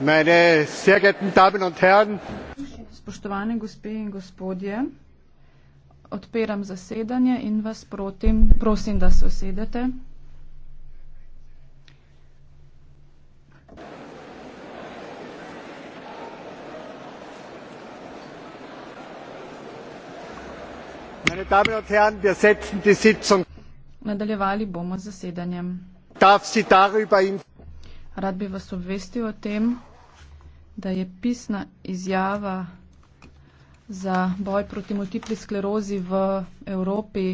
Meine sehr geehrten Damen und Herren, spoštovane gospe in gospodje, odpiram zasedanje in vas protim, prosim, da se usedete. Meine Damen und Herren, wir setzen die Sitzung. Nadaljevali bomo z zasedanjem. Rad bi vas obvestil o tem, da je pisna izjava za boj proti multipli sklerozi v Evropi